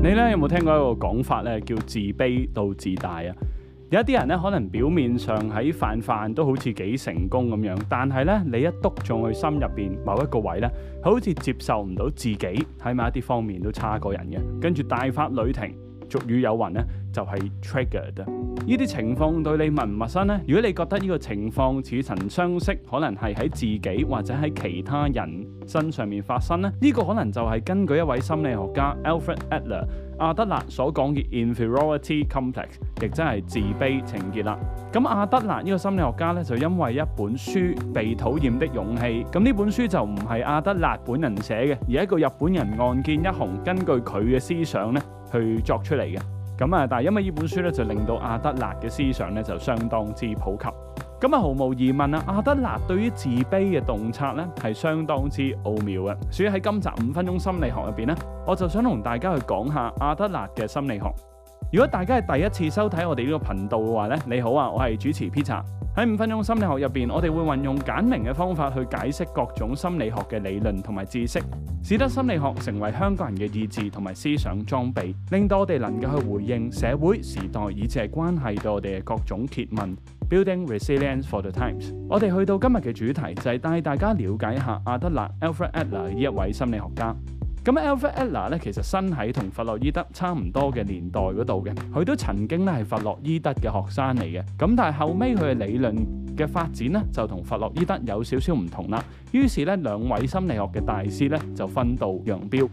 你呢，有冇聽過一個講法呢，叫自卑到自大啊？有一啲人呢，可能表面上喺泛泛都好似幾成功咁樣，但係呢，你一督中佢心入邊某一個位呢，好似接受唔到自己喺某一啲方面都差過人嘅，跟住大發雷霆。俗語有云咧，就係 triggered。呢啲情況對你陌唔陌生呢？如果你覺得呢個情況似曾相識，可能係喺自己或者喺其他人身上面發生呢。這」呢個可能就係根據一位心理學家 Alfred Adler 阿德勒所講嘅 inferiority complex，亦真係自卑情結啦。咁、嗯、阿德勒呢個心理學家呢，就因為一本書《被討厭的勇氣》，咁呢本書就唔係阿德勒本人寫嘅，而係一個日本人岸見一郎根據佢嘅思想咧，去作出嚟嘅，咁啊，但係因為呢本書咧就令到阿德勒嘅思想咧就相當之普及，咁啊，毫無疑問啊，阿德勒對於自卑嘅洞察咧係相當之奧妙嘅，所以喺今集五分鐘心理學入邊咧，我就想同大家去講下阿德勒嘅心理學。如果大家係第一次收睇我哋呢個頻道嘅話呢，你好啊，我係主持 Peter。喺五分鐘心理學入邊，我哋會運用簡明嘅方法去解釋各種心理學嘅理論同埋知識，使得心理學成為香港人嘅意志同埋思想裝備，令到我哋能夠去回應社會時代，以至係關係到我哋嘅各種揭問。Building resilience for the times。我哋去到今日嘅主題就係帶大家了解一下阿德勒 （Alfred Adler） 呢一位心理學家。咁 Alfred Adler 咧，其實生喺同弗洛伊德差唔多嘅年代嗰度嘅，佢都曾經咧係弗洛伊德嘅學生嚟嘅。咁但係後尾佢嘅理論嘅發展咧，就同弗洛伊德有少少唔同啦。於是咧，兩位心理學嘅大師咧就分道揚鑣。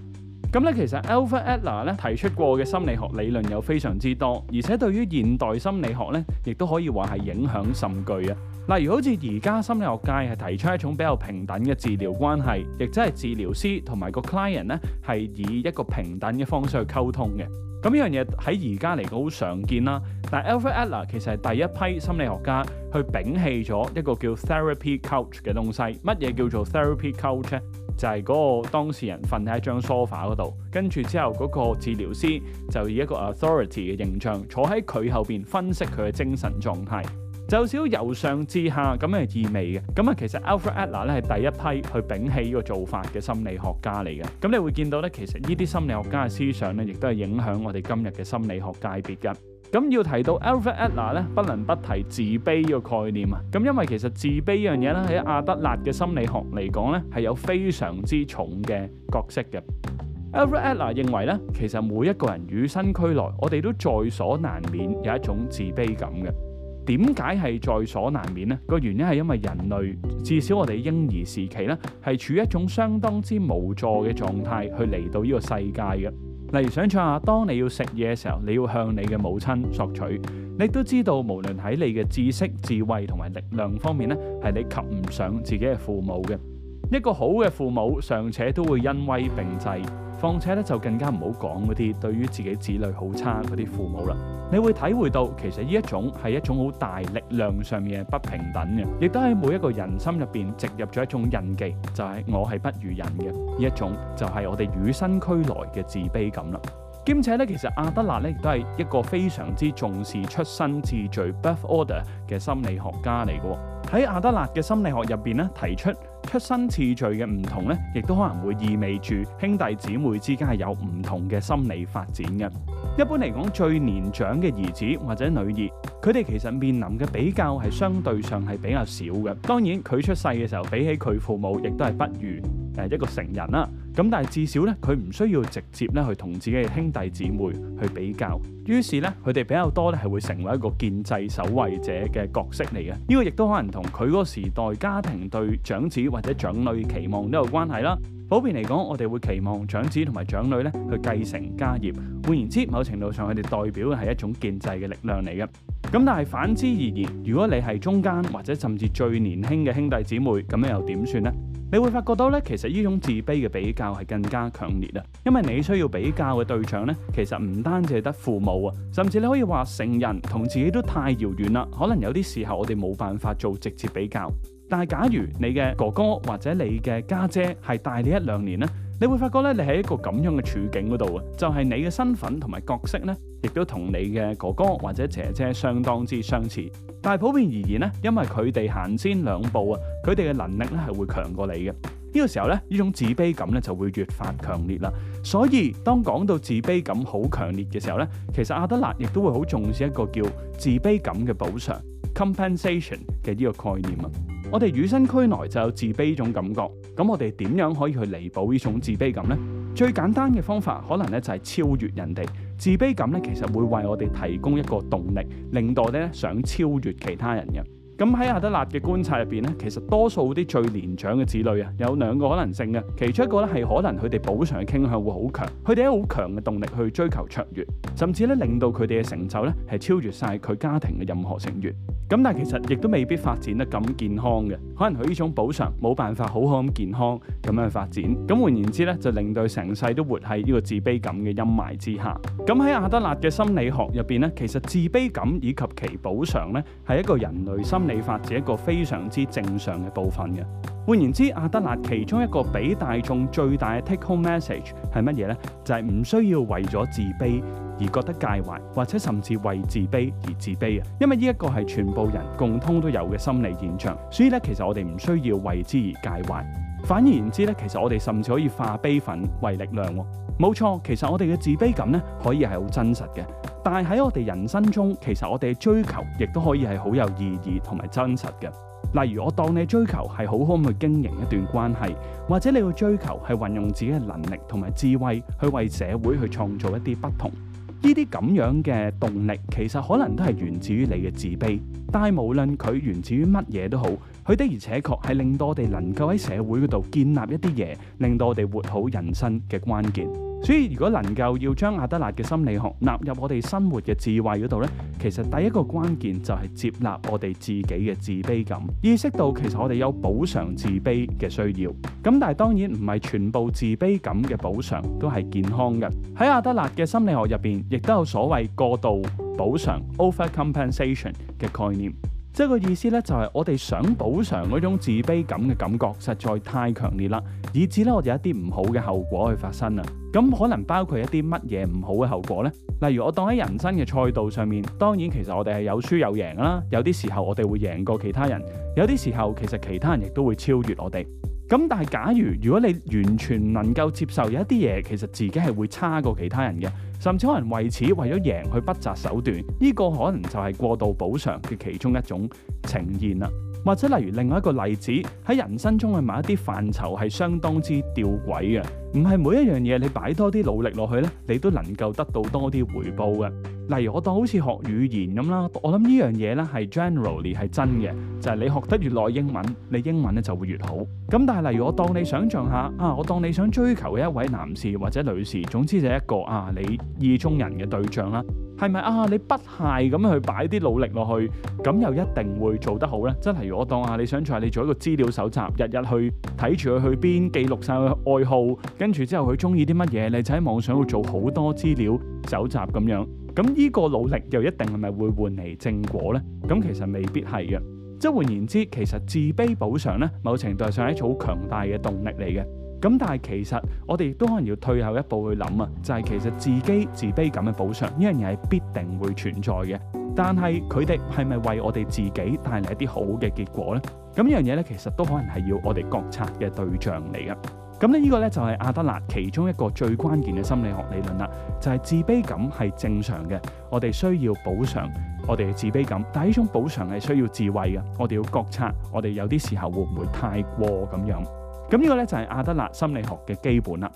咁咧，其實 Alfred Adler 咧提出過嘅心理學理論有非常之多，而且對於現代心理學咧，亦都可以話係影響甚巨啊。例如好似而家心理學界係提出一種比較平等嘅治療關係，亦即係治療師同埋個 client 咧係以一個平等嘅方式去溝通嘅。咁呢樣嘢喺而家嚟講好常見啦。但 Alfred Adler 其實係第一批心理學家去摒棄咗一個叫 therapy couch 嘅東西。乜嘢叫做 therapy couch 咧？就係、是、嗰個當事人瞓喺張 sofa 嗰度，跟住之後嗰個治療師就以一個 authority 嘅形象坐喺佢後邊，分析佢嘅精神狀態。就少由上至下咁嘅意味嘅。咁啊，其實 Alfred Adler 咧係第一批去摒棄呢個做法嘅心理學家嚟嘅。咁你會見到咧，其實呢啲心理學家嘅思想咧，亦都係影響我哋今日嘅心理學界別嘅。咁要提到 Alfred Adler 咧，不能不提自卑呢個概念啊。咁因為其實自卑呢樣嘢咧，喺阿德勒嘅心理學嚟講咧，係有非常之重嘅角色嘅。Alfred Adler 認為咧，其實每一個人與生俱來，我哋都在所難免有一種自卑感嘅。點解係在所難免咧？個原因係因為人類至少我哋嬰兒時期咧，係處於一種相當之無助嘅狀態去嚟到呢個世界嘅。例如想像下，當你要食嘢嘅時候，你要向你嘅母親索取，你都知道無論喺你嘅知識、智慧同埋力量方面咧，係你及唔上自己嘅父母嘅。一個好嘅父母尚且都會恩威並濟，況且咧就更加唔好講嗰啲對於自己子女好差嗰啲父母啦。你會體會到，其實呢一種係一種好大力量上面嘅不平等嘅，亦都喺每一個人心入邊植入咗一種印記，就係、是、我係不如人嘅呢一種，就係我哋與生俱來嘅自卑感啦。兼且咧，其實阿德勒咧亦都係一個非常之重視出身秩序 （birth order） 嘅心理學家嚟嘅喎。喺阿德勒嘅心理學入邊咧提出。出生次序嘅唔同咧，亦都可能會意味住兄弟姊妹之間係有唔同嘅心理發展嘅。一般嚟講，最年長嘅兒子或者女兒，佢哋其實面臨嘅比較係相對上係比較少嘅。當然，佢出世嘅時候，比起佢父母，亦都係不如。誒一個成人啦，咁但係至少咧，佢唔需要直接咧去同自己嘅兄弟姊妹去比較，於是咧佢哋比較多咧係會成為一個建制守衞者嘅角色嚟嘅，呢個亦都可能同佢嗰個時代家庭對長子或者長女期望都有關係啦。普遍嚟講，我哋會期望長子同埋長女咧去繼承家業。換言之，某程度上佢哋代表嘅係一種建制嘅力量嚟嘅。咁但係反之而言，如果你係中間或者甚至最年輕嘅兄弟姊妹，咁樣又點算呢？你會發覺到咧，其實呢種自卑嘅比較係更加強烈啊。因為你需要比較嘅對象咧，其實唔單止係得父母啊，甚至你可以話成人同自己都太遙遠啦。可能有啲時候我哋冇辦法做直接比較。但係，假如你嘅哥哥或者你嘅家姐係大你一兩年呢，你會發覺咧，你喺一個咁樣嘅處境嗰度啊，就係你嘅身份同埋角色呢，亦都同你嘅哥哥或者姐姐相當之相似。但係普遍而言呢，因為佢哋行先兩步啊，佢哋嘅能力咧係會強過你嘅呢個時候呢，呢種自卑感咧就會越發強烈啦。所以當講到自卑感好強烈嘅時候呢，其實阿德勒亦都會好重視一個叫自卑感嘅補償 （compensation） 嘅呢個概念啊。我哋與生俱來就有自卑一種感覺，咁我哋點樣可以去彌補呢種自卑感呢？最簡單嘅方法，可能咧就係超越人哋。自卑感咧，其實會為我哋提供一個動力，令到咧想超越其他人嘅。咁喺阿德勒嘅觀察入邊咧，其實多數啲最年長嘅子女啊，有兩個可能性嘅。其中一個咧係可能佢哋補償嘅傾向會好強，佢哋有好強嘅動力去追求卓越，甚至咧令到佢哋嘅成就咧係超越晒佢家庭嘅任何成員。咁但係其實亦都未必發展得咁健康嘅，可能佢呢種補償冇辦法好好咁健康咁樣發展。咁換言之咧，就令到成世都活喺呢個自卑感嘅陰霾之下。咁喺阿德勒嘅心理學入邊咧，其實自卑感以及其補償咧係一個人類心理法是一個非常之正常嘅部分嘅。換言之，阿德勒其中一個俾大眾最大嘅 take home message 係乜嘢呢？就係、是、唔需要為咗自卑而覺得介懷，或者甚至為自卑而自卑啊。因為呢一個係全部人共通都有嘅心理現象，所以咧，其實我哋唔需要為之而介懷。反而言之咧，其實我哋甚至可以化悲憤為力量，哦。冇錯，其實我哋嘅自卑感咧，可以係好真實嘅。但喺我哋人生中，其實我哋嘅追求亦都可以係好有意義同埋真實嘅。例如，我當你追求係好好咁去經營一段關係，或者你去追求係運用自己嘅能力同埋智慧去為社會去創造一啲不同，呢啲咁樣嘅動力，其實可能都係源自於你嘅自卑。但係無論佢源自於乜嘢都好，佢的而且確係令到我哋能夠喺社會嗰度建立一啲嘢，令到我哋活好人生嘅關鍵。所以如果能夠要將阿德勒嘅心理學納入我哋生活嘅智慧嗰度呢，其實第一個關鍵就係接納我哋自己嘅自卑感，意識到其實我哋有補償自卑嘅需要。咁但係當然唔係全部自卑感嘅補償都係健康嘅。喺阿德勒嘅心理學入邊，亦都有所謂過度補償 （overcompensation） 嘅概念。即係個意思咧，就係我哋想補償嗰種自卑感嘅感覺，實在太強烈啦，以致咧我哋有一啲唔好嘅後果去發生啦。咁可能包括一啲乜嘢唔好嘅後果呢？例如我當喺人生嘅賽道上面，當然其實我哋係有輸有贏啦，有啲時候我哋會贏過其他人，有啲時候其實其他人亦都會超越我哋。咁但係假如如果你完全能夠接受有一啲嘢，其實自己係會差過其他人嘅，甚至可能為此為咗贏去不擇手段，呢、呢個可能就係過度補償嘅其中一種呈現啦。或者例如另外一個例子，喺人生中嘅某一啲範疇係相當之吊詭嘅，唔係每一樣嘢你擺多啲努力落去咧，你都能夠得到多啲回報嘅。例如我當好似學語言咁啦，我諗呢樣嘢呢係 generally 係真嘅，就係你學得越耐英文，你英文呢就會越好。咁但係例如我當你想象下啊，我當你想追求嘅一位男士或者女士，總之就係一個啊你意中人嘅對象啦，係咪啊？你不懈咁去擺啲努力落去，咁又一定會做得好呢？真係，例如我當啊，你想象下你做一個資料搜集，日日去睇住佢去邊，記錄晒佢愛好，跟住之後佢中意啲乜嘢，你就喺網上會做好多資料搜集咁樣。咁呢個努力又一定係咪會換嚟正果呢？咁其實未必係嘅。即換言之，其實自卑補償呢某程度上係一種好強大嘅動力嚟嘅。咁但係其實我哋亦都可能要退後一步去諗啊，就係其實自己自卑感嘅補償呢樣嘢係必定會存在嘅。但係佢哋係咪為我哋自己帶嚟一啲好嘅結果呢？咁呢樣嘢呢，其實都可能係要我哋覺察嘅對象嚟嘅。咁呢個呢，就係、是、阿德勒其中一個最關鍵嘅心理學理論啦，就係、是、自卑感係正常嘅，我哋需要補償我哋嘅自卑感，但係呢種補償係需要智慧嘅，我哋要覺察，我哋有啲時候會唔會太過咁樣？咁呢個呢，就係、是、阿德勒心理學嘅基本啦。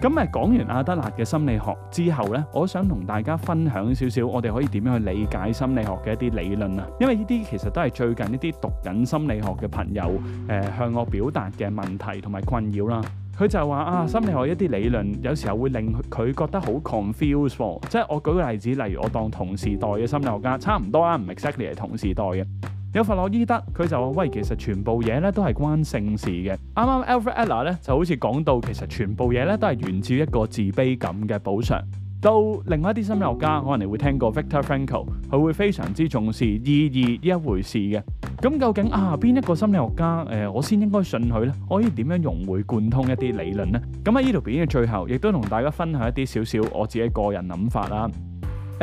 咁誒，講完阿德勒嘅心理學之後呢，我想同大家分享少少，我哋可以點樣去理解心理學嘅一啲理論啊。因為呢啲其實都係最近一啲讀緊心理學嘅朋友誒、呃、向我表達嘅問題同埋困擾啦。佢就話啊，心理學一啲理論有時候會令佢覺得好 confused 哦，即係我舉個例子，例如我當同時代嘅心理學家差唔多啊，唔 exactly 係同時代嘅，有弗洛伊德，佢就話喂，其實全部嘢咧都係關性事嘅，啱啱 Alfred Adler 咧就好似講到其實全部嘢咧都係源自一個自卑感嘅補償。到另外一啲心理學家，可能你會聽過 Viktor Frankl，佢會非常之重視意義呢一回事嘅。咁究竟啊邊一個心理學家？誒、呃，我先應該信佢呢？可以點樣融會貫通一啲理論呢？咁喺呢度片嘅最後，亦都同大家分享一啲少少我自己個人諗法啦。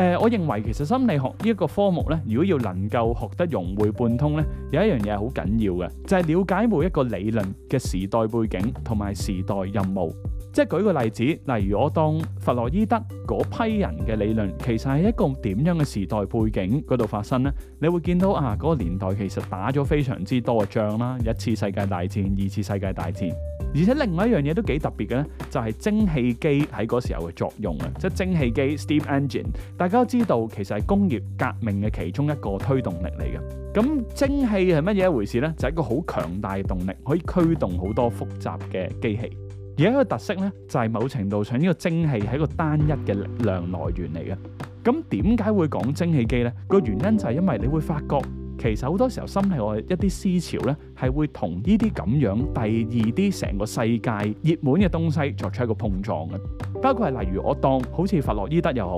誒、呃，我認為其實心理學呢一個科目咧，如果要能夠學得融會貫通咧，有一樣嘢係好緊要嘅，就係、是、了解每一個理論嘅時代背景同埋時代任務。即係舉個例子，例如我當佛洛伊德嗰批人嘅理論，其實係一個點樣嘅時代背景嗰度發生呢，你會見到啊，嗰、那個年代其實打咗非常之多嘅仗啦，一次世界大戰、二次世界大戰。而且另外一樣嘢都幾特別嘅咧，就係蒸汽機喺嗰時候嘅作用啊！即係蒸汽機 （steam engine），大家都知道其實係工業革命嘅其中一個推動力嚟嘅。咁蒸汽係乜嘢一回事呢？就係一個好強大嘅動力，可以驅動好多複雜嘅機器。而一個特色呢，就係某程度上呢個蒸汽係一個單一嘅力量來源嚟嘅。咁點解會講蒸汽機呢？個原因就係因為你會發覺。其實好多時候心理我一啲思潮咧，係會同呢啲咁樣第二啲成個世界熱門嘅東西作出一個碰撞嘅，包括係例如我當好似弗洛伊德又好，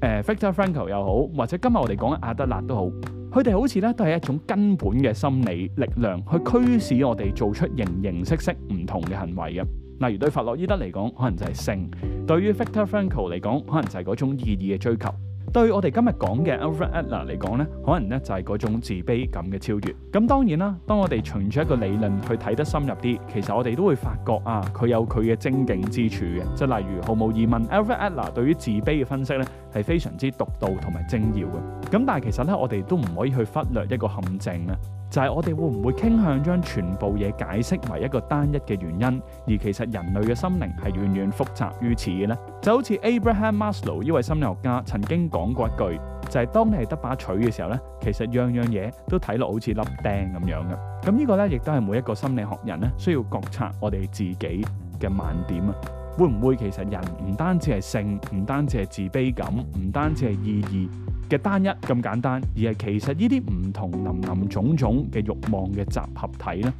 誒 Viktor Frankl 又好，或者今日我哋講嘅阿德勒都好，佢哋好似咧都係一種根本嘅心理力量去驅使我哋做出形形色色唔同嘅行為嘅。例如對弗洛伊德嚟講，可能就係性；對於 Viktor Frankl 嚟講，可能就係嗰種意義嘅追求。對我哋今日講嘅 Alfred Adler 嚟講咧，可能咧就係嗰種自卑感嘅超越。咁當然啦，當我哋循住一個理論去睇得深入啲，其實我哋都會發覺啊，佢有佢嘅精警之處嘅。即係例如毫無疑問 Alfred Adler 對於自卑嘅分析咧，係非常之獨到同埋精要嘅。咁但係其實咧，我哋都唔可以去忽略一個陷阱咧。就係我哋會唔會傾向將全部嘢解釋為一個單一嘅原因，而其實人類嘅心靈係遠遠複雜於此嘅呢。就好似 Abraham Maslow 呢位心理學家曾經講過一句，就係當你係得把鎚嘅時候呢，其實樣樣嘢都睇落好似粒釘咁樣嘅。咁呢個呢，亦都係每一個心理學人呢需要覺察我哋自己嘅盲點啊。會唔會其實人唔單止係性，唔單止係自卑感，唔單止係意義嘅單一咁簡單，而係其實呢啲唔同林林種種嘅慾望嘅集合體呢？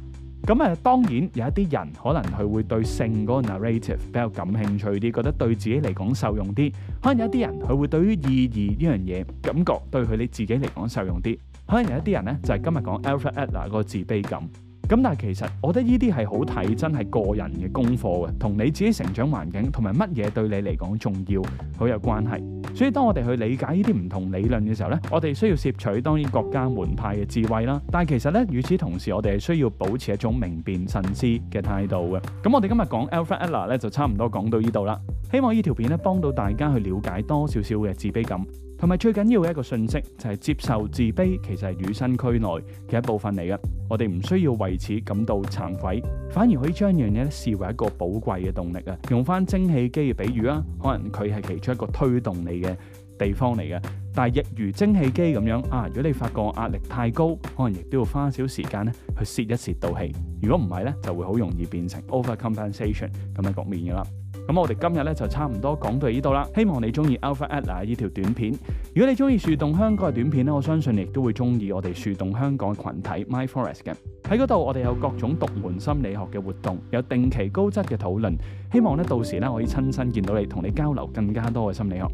咁啊，當然有一啲人可能佢會對性嗰個 narrative 比較感興趣啲，覺得對自己嚟講受用啲；可能有一啲人佢會對於意義呢樣嘢感覺對佢你自己嚟講受用啲；可能有一啲人呢，就係、是、今日講 Alfred Adler 個自卑感。咁但係其實我覺得呢啲係好睇真係個人嘅功課嘅，同你自己成長環境同埋乜嘢對你嚟講重要，好有關係。所以當我哋去理解呢啲唔同理論嘅時候呢，我哋需要攝取當然各家門派嘅智慧啦。但係其實呢，與此同時我哋係需要保持一種明辨慎思嘅態度嘅。咁我哋今日講阿德勒呢，就差唔多講到呢度啦。希望呢條片呢，幫到大家去了解多少少嘅自卑感。同埋最緊要嘅一個信息就係接受自卑其實係與生俱來嘅一部分嚟嘅，我哋唔需要為此感到慚愧，反而可以將一樣嘢咧視為一個寶貴嘅動力啊！用翻蒸汽機嘅比喻啦，可能佢係其中一個推動你嘅地方嚟嘅，但係亦如蒸汽機咁樣啊，如果你發覺壓力太高，可能亦都要花少時間咧去泄一泄到氣，如果唔係咧就會好容易變成 overcompensation 咁嘅局面㗎啦。咁我哋今日咧就差唔多講到呢度啦，希望你中意 Alfred Adler 呢條短片。如果你中意樹洞香港嘅短片咧，我相信你亦都會中意我哋樹洞香港嘅群體 MindForest 嘅。喺嗰度我哋有各種獨門心理學嘅活動，有定期高質嘅討論。希望咧到時咧可以親身見到你，同你交流更加多嘅心理學。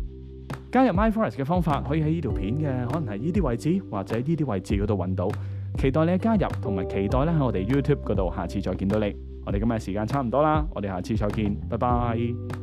加入 MindForest 嘅方法可以喺呢條片嘅可能係呢啲位置，或者呢啲位置嗰度揾到。期待你嘅加入，同埋期待咧喺我哋 YouTube 嗰度下次再見到你。我哋今日時間差唔多啦，我哋下次再見，拜拜。